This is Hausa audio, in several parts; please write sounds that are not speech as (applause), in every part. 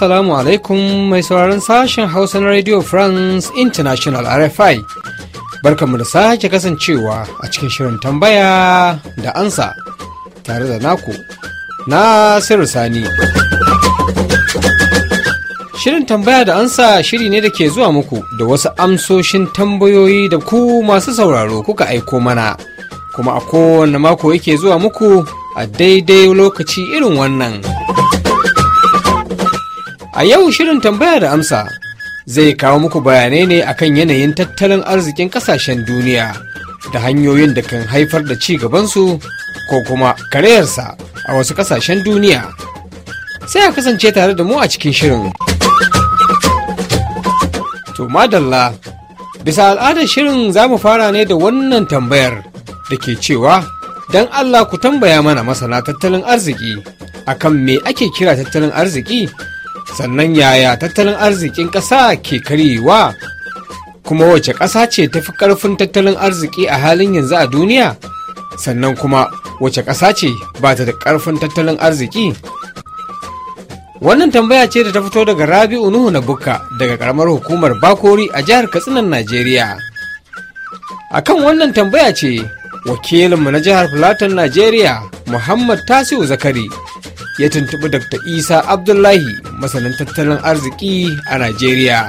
Assalamu alaikum mai sauraron sashen Hausa na Radio France International RFI. Barkanmu da sake kasancewa a cikin shirin tambaya da ansa tare da naku na Sani. Shirin tambaya da ansa shiri ne da ke zuwa muku da wasu amsoshin tambayoyi da ku masu sauraro kuka aiko mana, kuma a kowane mako yake zuwa muku a daidai lokaci irin wannan. A yau shirin tambaya da amsa zai kawo muku bayanai ne akan yanayin tattalin arzikin kasashen duniya da hanyoyin da kan haifar da ci gabansu ko kuma karayarsa a wasu kasashen duniya. Sai a kasance tare da mu a cikin shirin. To madalla, bisa al'adar shirin za mu fara ne da wannan tambayar da ke cewa don Allah ku tambaya mana masana tattalin arziki akan me ake kira tattalin arziki sannan yaya tattalin arzikin ƙasa ke karyewa kuma wace ƙasa ce ta fi ƙarfin tattalin arziki a halin yanzu a duniya sannan kuma wace ƙasa ce ba ta da ƙarfin tattalin arziki wannan tambaya ce da ta fito daga rabi'u nuhu na bukka daga ƙaramar hukumar bakori a jihar katsinan najeriya akan wannan tambaya ce wakilinmu na jihar filatin najeriya muhammad tasiu zakari ya tuntuɓi Dr. Isa Abdullahi masanin tattalin arziki a Najeriya.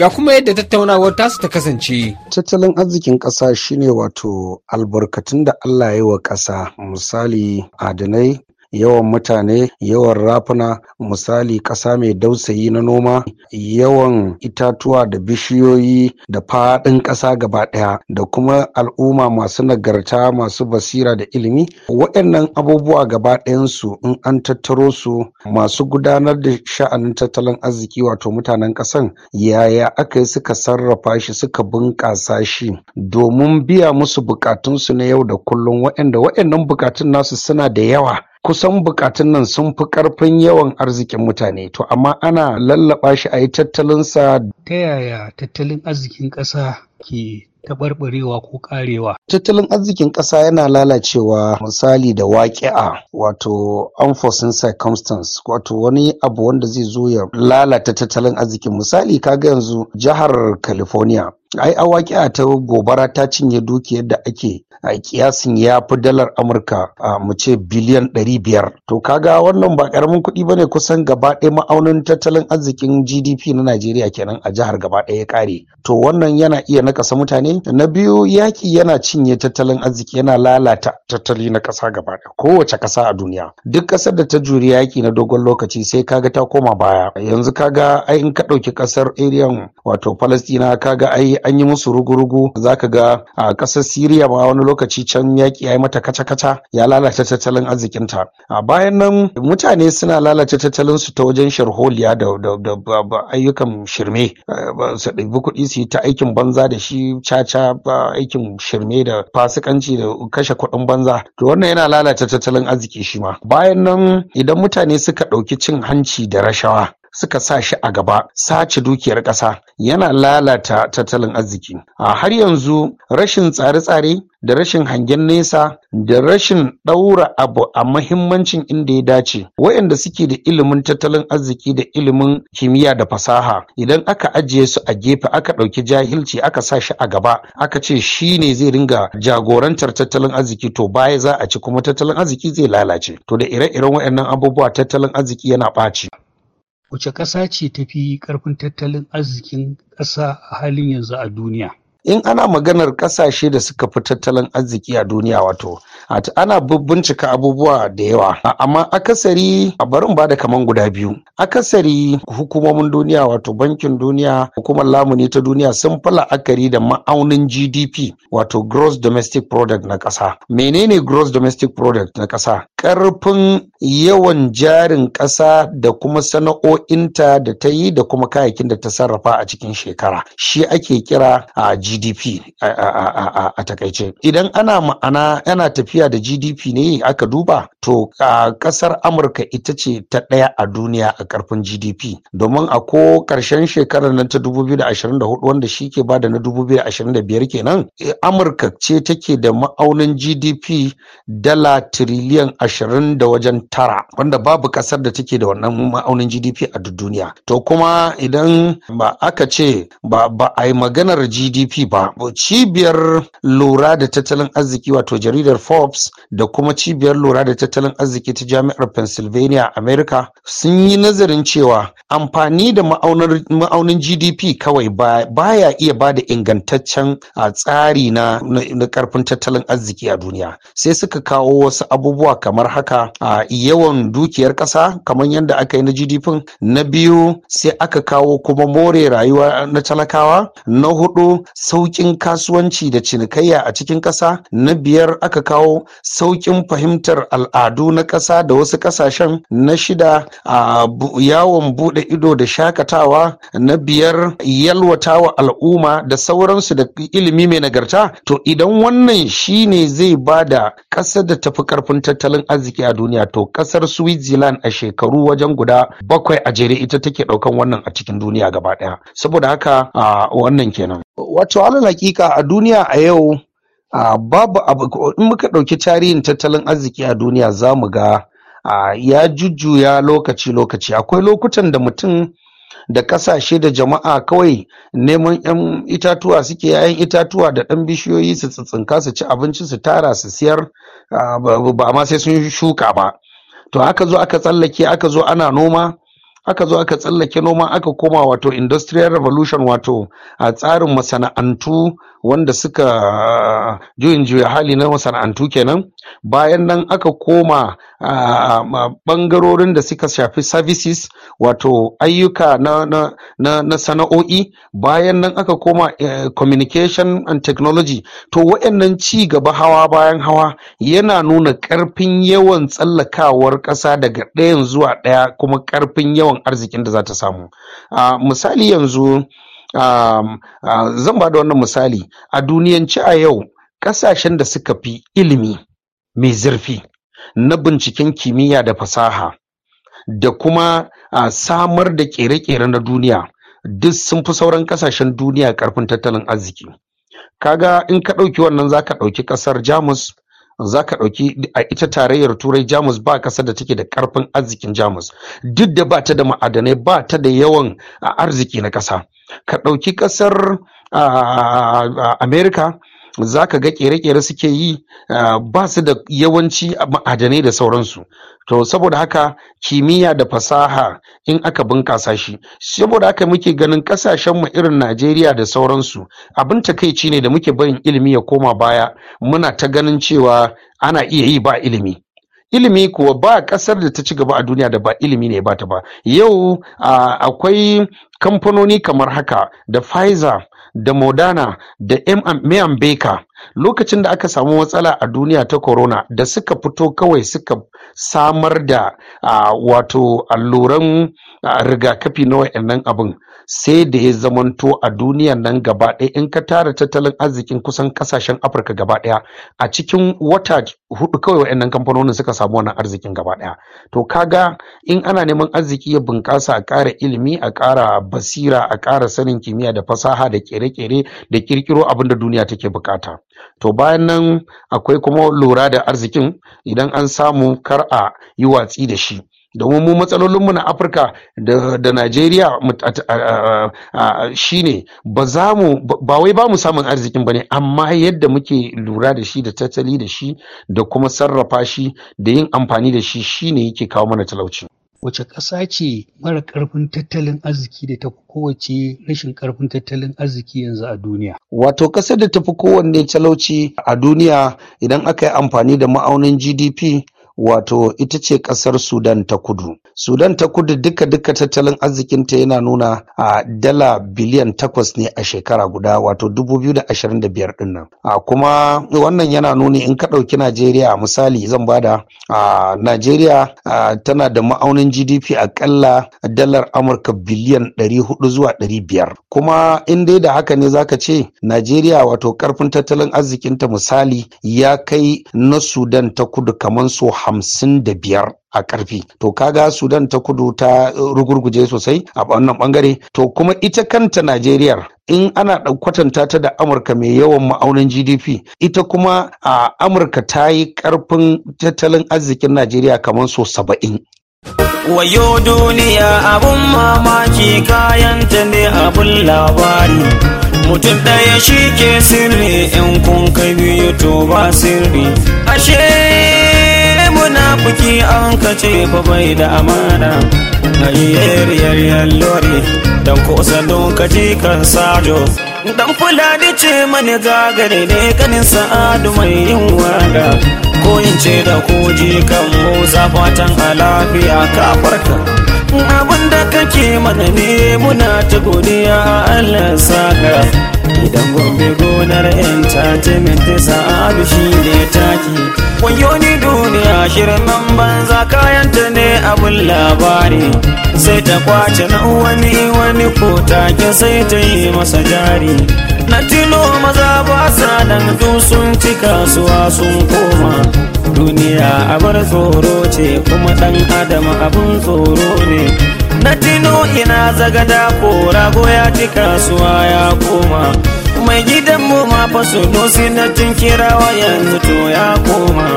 Ga kuma yadda tattaunawar tasu ta kasance. Tattalin arzikin ƙasa shine wato albarkatun da Allah ya wa ƙasa misali adinai. yawan mutane yawan rafuna misali ƙasa mai dausayi na noma yawan itatuwa da bishiyoyi da faɗin ƙasa gaba ɗaya da kuma al'umma masu nagarta masu basira da ilimi waɗannan abubuwa gaba ɗayansu in an tattaro su masu gudanar da sha'anin tattalin arziki wato mutanen ƙasan yaya aka yi suka sarrafa shi suka bunƙasa shi domin biya musu bukatunsu na yau da kullum waɗanda waɗannan bukatun nasu suna da yawa kusan bukatun nan sun fi karfin yawan arzikin mutane to amma ana lallaba shi a yi tattalinsa ta yaya tattalin arzikin ƙasa ke taɓarɓarewa ko ƙarewa. Tattalin arzikin ƙasa yana lalacewa misali da waƙi'a wato unforeseen circumstance wato wani abu wanda zai zo ya lalata tattalin arzikin misali kaga yanzu jihar California ai a a ta gobara ta cinye dukiyar da ake a kiyasin ya fi dalar amurka a mu ce biliyan 500 to kaga wannan ba karamin kuɗi ba ne kusan gaba ɗaya ma'aunin tattalin arzikin gdp na najeriya kenan a jihar gaba ɗaya ya kare to wannan yana iya nakasa mutane na biyu yaƙi yana cinye tattalin arziki yana lalata tattali na ƙasa gaba ɗaya kowace ƙasa a duniya duk ƙasar da ta juri yaƙi na dogon lokaci sai kaga ta koma baya yanzu kaga ai in ka ɗauki ƙasar area wato palestina kaga ai an yi musu rugu-rugu ka ga a ƙasar Siriya ma wani lokaci can yaƙi ya yi mata kaca-kaca ya lalata tattalin arzikinta. A bayan nan mutane suna lalata tattalin su ta wajen sharholiya da ayyukan shirme su ɗabi kuɗi su yi ta aikin banza da shi caca aikin shirme da fasikanci da kashe kuɗin banza to wannan yana lalata tattalin arziki shi ma bayan nan idan mutane suka ɗauki cin hanci da rashawa suka sa shi a gaba sace dukiyar ƙasa yana lalata tattalin arziki a har yanzu rashin tsare-tsare da rashin hangen nesa da rashin ɗaura abu a mahimmancin inda ya dace waɗanda suke da ilimin tattalin arziki da ilimin kimiyya da fasaha idan aka ajiye su a gefe aka ɗauki jahilci aka sa shi a gaba aka ce shi ne zai ringa jagorantar tattalin arziki to baya za a ci kuma tattalin arziki zai lalace to da ire-iren waɗannan abubuwa tattalin arziki yana ɓaci Wace ƙasa ce tafi fi ƙarfin tattalin arzikin ƙasa a halin yanzu a duniya? in ana maganar kasashe da suka fi tattalin arziki a duniya wato ana bincika abubuwa da yawa amma akasari a barin ba da kaman guda biyu akasari hukumomin duniya wato bankin duniya hukumar lamuni ta duniya sun fi la'akari da ma'aunin gdp wato gross domestic product na ƙasa menene gross domestic product na ƙasa ƙarfin yawan jarin ƙasa da kuma sana'o'inta da ta yi da kuma kayayyakin da ta sarrafa a cikin shekara shi ake kira a GDP a takaice. Idan ana ma'ana yana tafiya da GDP ne aka duba to a kasar Amurka ita ce ta ɗaya a duniya a karfin GDP domin a ko ƙarshen shekarar nan ta 2024 wanda shi ke bada na 2025 kenan eh, Amurka ce take da ma'aunin GDP dala tiriliyan 20 da wajen tara wanda babu ƙasar da take da wannan ma'aunin GDP a duk duniya. To kuma idan ba aka ce ba a yi maganar GDP cibiyar lura da tattalin arziki wato jaridar forbes da kuma cibiyar lura da tattalin arziki ta jami'ar pennsylvania america sun yi nazarin cewa amfani da ma'aunin gdp kawai baya iya ba da ingantaccen tsari na karfin tattalin arziki a duniya sai suka kawo wasu abubuwa kamar haka a yawan dukiyar ƙasa kamar yadda aka yi na gdp na biyu sai aka kawo kuma more rayuwa na talakawa na hudu sauƙin kasuwanci da cinikayya a cikin ƙasa na biyar aka kawo sauƙin fahimtar al'adu na ƙasa da wasu ƙasashen na shida a yawon buɗe ido da shakatawa na biyar yalwatawa al'umma da sauransu da ilimi mai nagarta to idan wannan shi ne zai ba da ƙasa da tafi ƙarfin tattalin arziki a duniya to ƙasar switzerland a shekaru wajen guda bakwai a jere ita take ɗaukan wannan a cikin duniya gaba ɗaya saboda haka a wannan kenan wato alal hakika a duniya a yau a babu abu in muka ɗauki tarihin tattalin arziki a duniya za mu ga ya jujjuya lokaci-lokaci akwai lokutan da mutum da kasashe da jama'a kawai neman 'yan itatuwa suke 'ya'yan itatuwa da ɗan bishiyoyi su tsitsinka su ci abinci su tara su siyar ba ma sai sun shuka ba to aka zo aka tsallake aka zo ana noma aka zo aka tsallake noma aka koma wato industrial revolution wato a tsarin masana'antu wanda suka juyin juya hali na masana'antu kenan bayan nan aka koma bangarorin da suka shafi services wato ayyuka na, sana'o'i bayan nan aka koma eh, communication and technology to waɗannan ci gaba hawa bayan hawa yana nuna ƙarfin yawan tsallakawar ƙasa daga ɗayan zuwa ɗaya kuma ƙarfin yawan yawan arzikin da za ta samu misali yanzu zan ba da wannan misali a duniyanci a yau ƙasashen da suka fi ilimi mai zurfi na binciken kimiyya da fasaha da kuma samar da ƙere-ƙere na duniya duk sun fi sauran ƙasashen duniya karfin tattalin arziki kaga in ka ɗauki wannan za ka ɗauki ƙasar jamus Za ka ɗauki a ita tarayyar turai jamus ba ƙasar da take da ƙarfin arzikin jamus duk da ba ta da ma'adanai ba ta da yawan arziki na ƙasa ka ɗauki ƙasar america za ka ga kere-kere suke yi eh, ba su da yawanci ma'adanai da sauransu to saboda haka kimiyya da fasaha in aka bunkasa shi saboda haka muke ganin kasashen mu irin Najeriya da sauransu abin takaici ne da muke bayin ilimi ya koma baya muna ta ganin cewa ana iya yi ba ilimi ilimi kuwa ba ƙasar da ta ci gaba a duniya da ba ilimi ne ba ta ba yau ah, akwai kamfanoni kamar haka da pfizer da moderna da mayan baker lokacin da aka samu matsala a duniya ta corona da suka fito kawai suka samar da wato alluran rigakafi na wa'annan abin sai da ya zamanto a duniya nan gaba ɗaya in ka tara tattalin arzikin kusan kasashen afirka gaba ɗaya a cikin wata hudu kawai wa'annan kamfanonin suka samu wannan arzikin gaba ɗaya to kaga in ana neman arziki ya bunƙasa a ƙara ilimi a ƙara basira a ƙara sanin kimiyya da fasaha da ƙere kere da kirkiro abin da duniya take bukata to bayan nan akwai kuma lura da arzikin idan an samu kar a yi watsi da shi domin mu matsalolinmu na afirka da najeriya shine ba ba wai ba mu samun arzikin ba ne amma yadda muke lura da shi da tattali da shi da kuma sarrafa shi da yin amfani da shi shi ne yake kawo mana talauci wace ƙasa ce mara ƙarfin tattalin arziki da tafi kowace rashin ƙarfin tattalin arziki yanzu a duniya. Wato ƙasar da tafi kowanne talauci a duniya idan aka yi amfani da ma'aunin GDP wato ita ce ƙasar Sudan ta kudu. sudan ta kudu duka duka tattalin arzikinta yana nuna a dala biliyan takwas ne a shekara guda wato dubu biyu da ashirin da din nan kuma wannan yana nuni in ka ɗauki najeriya misali zan bada a najeriya tana da ma'aunin gdp akalla dalar amurka biliyan ɗari hudu zuwa ɗari biyar. kuma in dai da haka ne zaka ce najeriya wato karfin tattalin arzikinta misali ya kai na sudan ta kudu kamar hamsin da biyar? a karfi to kaga sudan ta kudu ta uh, rugurguje sosai a wannan bangare to kuma ita kanta najeriya in ana kwatanta ta da amurka mai yawan ma'aunin gdp ita kuma a amurka ta yi karfin tattalin arzikin najeriya kamar so saba'in wayo duniya abun mamaki kayanta ne abun labari mutum ɗaya shi ke sirri in kun kai biyu to ba sirri ashe buki an ka ce bai da amana na iya riyar lori dan kusa lokaci kan sajo dan fulani ce mani gagare ne ganin sa'adu mai yin wada ko in ce da koji kan musa fatan alafiya ka farka abinda kake mana ne muna ta godiya Allah saka idan gobe gonar entertainment sa'adu shi ne taki wayo ni duniya shirin nan banza kayanta ne abin labari sai ta kwace na wani wani ko take sai ta yi masa jari na tilo maza ba sa nan sun ci kasuwa sun koma duniya abar tsoro ce kuma dan adam abin tsoro ne na tino ina zagada ko rago ya ci kasuwa ya koma mai gidan mu ma fa sunusi na jin kirawa yanzu to ya koma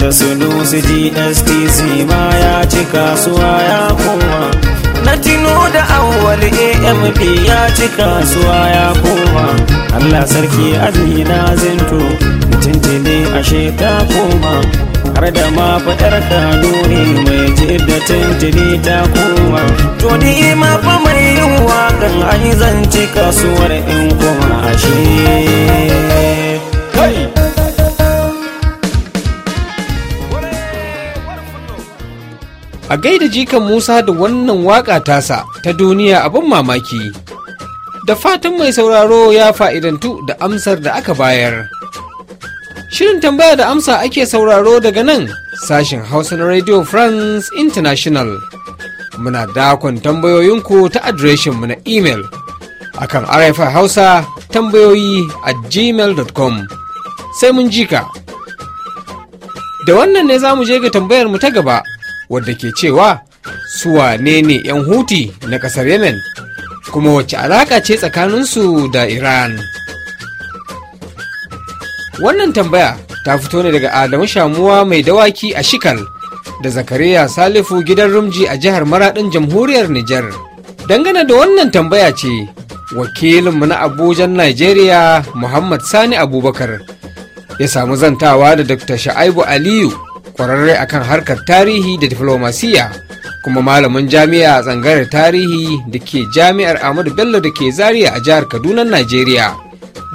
da sunusi gstc ma ya ci kasuwa ya koma na tino da awwal amp ya ci kasuwa ya koma allah sarki azina zinto ne ashe ta koma har da ma faɗar kanuri mai ce da tuntuni ta koma to ni ma fa mai yin kan ai zan ci kasuwar in kuma ashe a gaida jikan musa da wannan waƙa tasa ta duniya abin mamaki da fatan mai sauraro ya fa'idantu da amsar da aka bayar Shirin tambaya da amsa ake sauraro daga nan sashen Hausa na Radio France International. Muna dakon tambayoyinku ta adireshin mu na imel akan RFI Hausa tambayoyi a gmail.com. Sai mun jika. Da wannan ne za mu je ga tambayar mu ta gaba wadda ke cewa su wanene ne 'yan huti na ƙasar Yemen kuma wacce alaƙa ce tsakaninsu da Iran. Wannan tambaya ta fito ne daga Adamu Shamuwa mai dawaki a Shikal da Zakariya Salifu gidan Rumji a jihar Maradin Jamhuriyar Nijar. Dangane da wannan tambaya ce, wakilinmu na Abuja, Najeriya Muhammad Sani Abubakar ya samu zantawa da Dr. Sha'aibu Aliyu kwararre akan harkar tarihi da diflomasiya kuma malamin jami'a a tsangarar tarihi da ke jami'ar Ahmadu Bello da ke Zariya a jihar Kaduna Najeriya.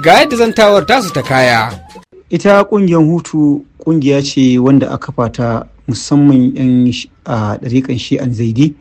Ga yadda zantawar tasu ta kaya. ita ƙungiyar hutu ƙungiya ce wanda aka fata musamman 'yan a ɗariƙan shi an zaidi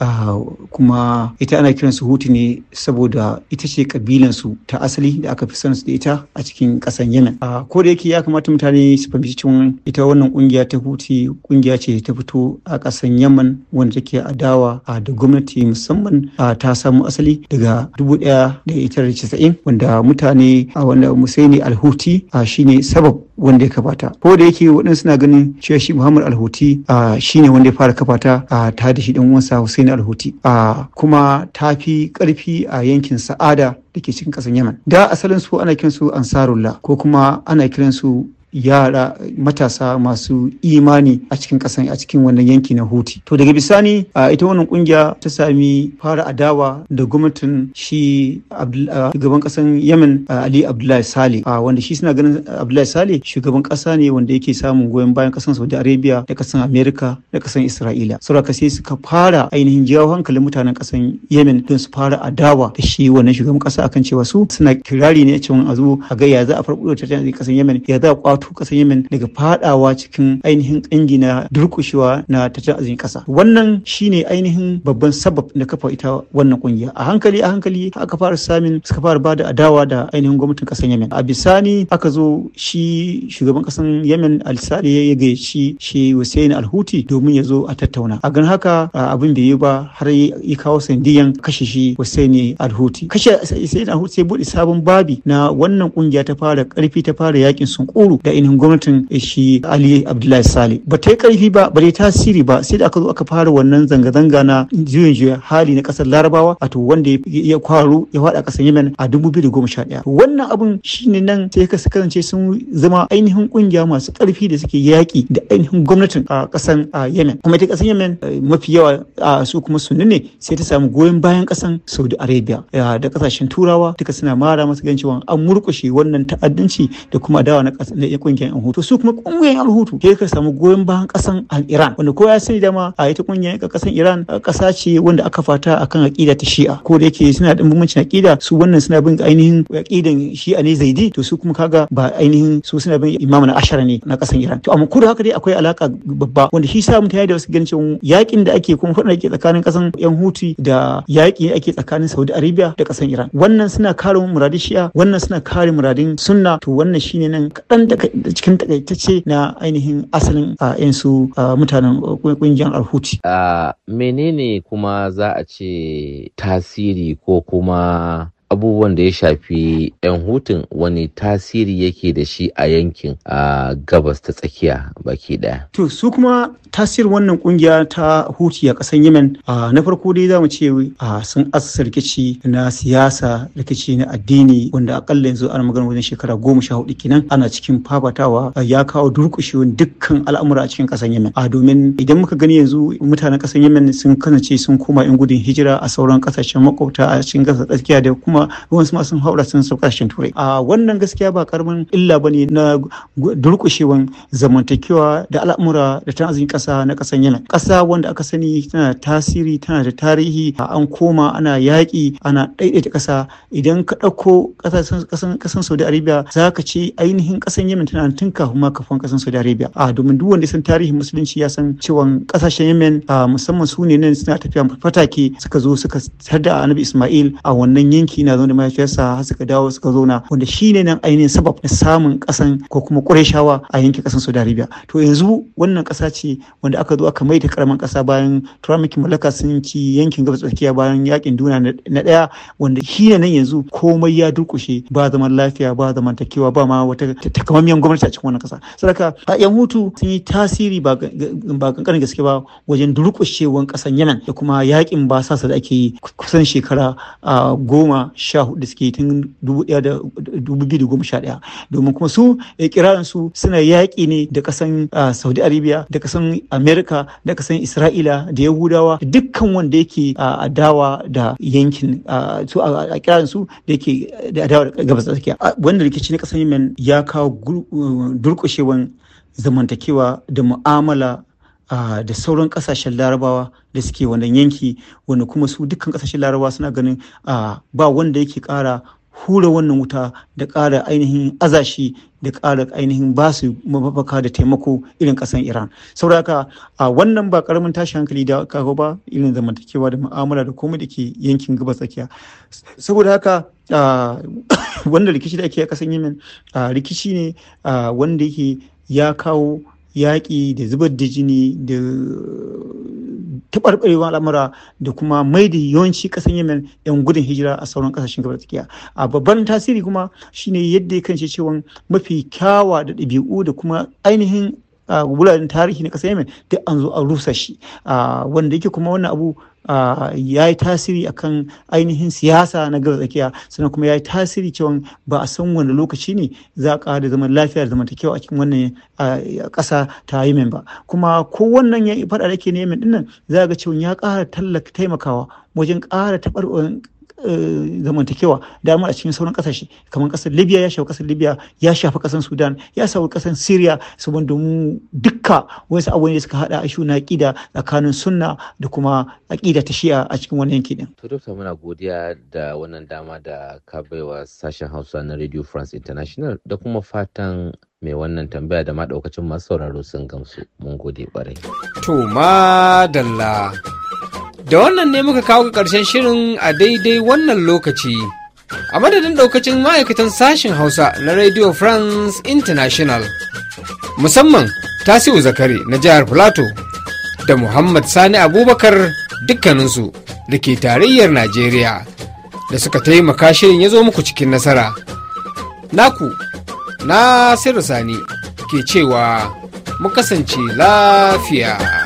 kuma ita ana kiran su hutu ne saboda ita ce kabilansu ta asali da aka fi son su da ita a cikin ƙasan a ko da yake ya kamata mutane su fahimci cewa ita wannan kungiya ta huti kungiya ce ta fito a ƙasan yaman wanda take adawa da gwamnati musamman ta samu asali daga dubu ɗaya da da ita casa'in. wanda mutane a wanda musaini alhuti shine sabab wanda ya kafata ko da yake waɗansu suna ganin cewa shi muhammad alhuti shine wanda ya fara kafata A ta da shi dan wasa Hussein Alhuti A kuma ta fi karfi a yankin Sa'ada da ke cikin ƙasar Yemen da asalin su ana kiransu Ansarullah ko kuma ana kiransu yara matasa masu imani a cikin kasan a cikin wannan yanki na huti to daga bisani a ita wannan kungiya ta sami fara adawa da gwamnatin shi shugaban kasan yemen ali abdullahi sale wanda shi suna ganin abdullahi sale shugaban kasa ne wanda yake samun goyon bayan kasan saudi arabia da kasan Amerika da kasan isra'ila sauraka sai suka fara ainihin jawo hankalin mutanen kasan yemen don su fara adawa da shi wannan shugaban kasa akan cewa su suna kirari ne cewa a zo a ga ya za a da tattalin kasan yemen ya za a wato kasar yemen daga fadawa cikin ainihin kangi na durkushewa na tattalin arzikin kasa wannan shine ainihin babban sabab da kafa ita wannan kungiya a hankali a hankali aka fara samun suka fara bada adawa da ainihin gwamnatin kasar yemen a bisani aka zo shi shugaban kasar yemen al ya gayyaci shi hussein al domin ya zo a tattauna a gan haka abin bai yi ba har yi kawo sandiyan kashe shi hussein al kashe hussein al-huti sai bude sabon babi na wannan kungiya ta fara karfi ta fara yakin sunkuru da ainihin gwamnatin shi Ali Abdullahi Sale ba ta yi karfi ba ba ta yi tasiri ba sai da aka zo aka fara wannan zanga-zanga na juyin juya hali na kasar Larabawa a wato wanda ya kwaro ya faɗa kasar Yemen a 2011 wannan abun shine nan sai ka kasance sun zama ainihin ƙungiya masu karfi da suke yaƙi da ainihin gwamnatin a kasar Yemen kuma ita kasar Yemen eh, mafi yawa su kuma sunni ne sai ta samu goyon bayan kasar Saudi Arabia da kasashen Turawa duka suna mara masu ganin cewa an murƙushe wannan ta'addanci da kuma dawa na cikin kungiyar yan hutu su kuma kungiyar yan hutu ke ka samu goyon bayan kasan al Iran wanda ko ya sani dama a ita kungiyar yan kasan Iran kasa ce wanda aka fata akan aqida ta Shi'a ko da yake suna da bambancin aqida su wannan suna bin ainihin aqidan Shi'a ne Zaidi to su kuma kaga ba ainihin su suna bin Imam na Ashara ne na kasan Iran to amma ko da haka dai akwai alaka babba wanda shi sa mutane da wasu ganin cewa yakin da ake kuma fada ake tsakanin kasan yan hutu da yaki ake tsakanin Saudi Arabia da kasan Iran wannan suna kare muradin Shi'a wannan suna kare muradin Sunna to wannan shine nan kadan daga cikin takaitacce na ainihin asalin yan su mutanen kungiyar alhuti. menene kuma za a ce tasiri ko kuma abubuwan da ya shafi 'yan hutun wani tasiri yake da shi a yankin a gabas ta tsakiya baki daya. To su kuma tasirin wannan kungiya ta huti a ƙasar Yemen na farko dai za mu ce sun asasa rikici na siyasa rikici na addini wanda akalla yanzu ana magana wajen shekara goma sha hudu kenan ana cikin fafatawa ya kawo durƙushewar dukkan al'amura a cikin ƙasar Yemen. A domin idan muka gani yanzu mutanen ƙasar Yemen sun kasance sun koma 'yan gudun hijira a sauran ƙasashen makwabta a cikin ƙasar tsakiya da kuma kuma ruwan ma sun haura sun sauka turai a wannan gaskiya ba karamin illa ba ne na durkushewan zamantakewa da al'amura da ta azumin kasa na kasan yana kasa wanda aka sani tana tasiri tana da tarihi an koma ana yaƙi ana ɗaiɗaita kasa idan ka ɗauko kasan saudi arabia za ka ce ainihin kasan yemen tana tun kafin ma kafin kasan saudi arabia a domin duk wanda san tarihin musulunci ya san cewa kasashen a musamman su ne nan suna tafiya fatake suka zo suka a annabi ismail a wannan yanki na zaune mahaifiyarsa har suka dawo suka zauna wanda shine nan ainihin sabab na samun kasan ko kuma Qurayshawa a yankin kasan Saudi Arabia to yanzu wannan kasa ce wanda aka zo aka mai da karaman kasa bayan Turamakin mallaka sun ci yankin gabas tsakiya bayan yakin duna na daya wanda shi ne nan yanzu komai ya durkushe ba zaman lafiya ba zaman takewa ba ma wata takamammiyar gwamnati a cikin wannan kasa saboda yan hutu sun yi tasiri ba kankanin gaske ba wajen durkushewan kasan Yanan da kuma yakin basasa da ake kusan shekara a ah, goma sha hudu suke tun dubu sha ɗaya domin kuma su kirarin suna yaƙi ne da ƙasan saudi arabia da ƙasan america da ƙasan isra'ila da yahudawa dukkan wanda yake adawa da yankin su a kirarin su da yake adawa da gabas tsakiya wanda rikici na ƙasan yemen ya kawo uh, durƙushewan zamantakewa da mu'amala da sauran kasashen larabawa da suke wannan yanki wanda kuma su dukkan kasashen larabawa suna ganin ba wanda yake kara hura wannan wuta da kara ainihin azashi da ƙara ainihin ba su mafaka da taimako irin ƙasan iran sauraka a wannan ba karamin tashi hankali da kawo ba irin zamantakewa da ma'amala da komai da ke yankin gabas tsakiya saboda haka (coughs) wanda rikici da ake kasan ƙasan yemen rikici ne wanda yake ya kawo yaƙi da zubar da jini da taɓarɓarewar al'amura da kuma mai da yawanci ƙasar yemen yan gudun hijira a sauran ƙasashen gabar tsakiya a babban tasiri kuma shine yadda ya kanci cewa mafi kyawa da ɗabi'u da kuma ainihin wuraren tarihi na ƙasar yemen duk an zo a rusa shi wanda yake kuma wannan abu ya yi tasiri akan ainihin siyasa na gaza tsakiya sannan kuma ya yi tasiri cewa ba a san wani lokaci ne za a ƙara zaman lafiya da zamantakewa a cikin wannan ƙasa ta yemen ba kuma ko wannan ya faɗa da ke na yemen dinnan za a ga cewa ya ƙara taimakawa wajen ƙara taɓarɓarin Eh, zamantakewa dama a cikin sauran kasashe kamar kasar libya ya shafi kasar libya ya shafi kasar sudan ya shafi kasar syria saboda domin dukka wasu abubuwan da suka hada ashu na aƙida tsakanin sunna da kuma aƙida ta shi'a a cikin wani yanki din. to dokta muna godiya da wannan dama da ka baiwa sashen hausa na radio france international da kuma fatan mai wannan tambaya da maɗaukacin masu sauraro sun gamsu mun gode kwarai. to madalla Da wannan ne muka kawo ga ƙarshen shirin a daidai wannan lokaci. A madadin ɗaukacin ma'aikatan sashen Hausa na Radio France International, musamman tasiru Zakari na jihar Filato da Muhammad Sani Abubakar dukkaninsu da ke tarayyar Najeriya da suka taimaka shirin ya zo muku cikin nasara. Naku, Nasiru Sani ke cewa mu kasance lafiya.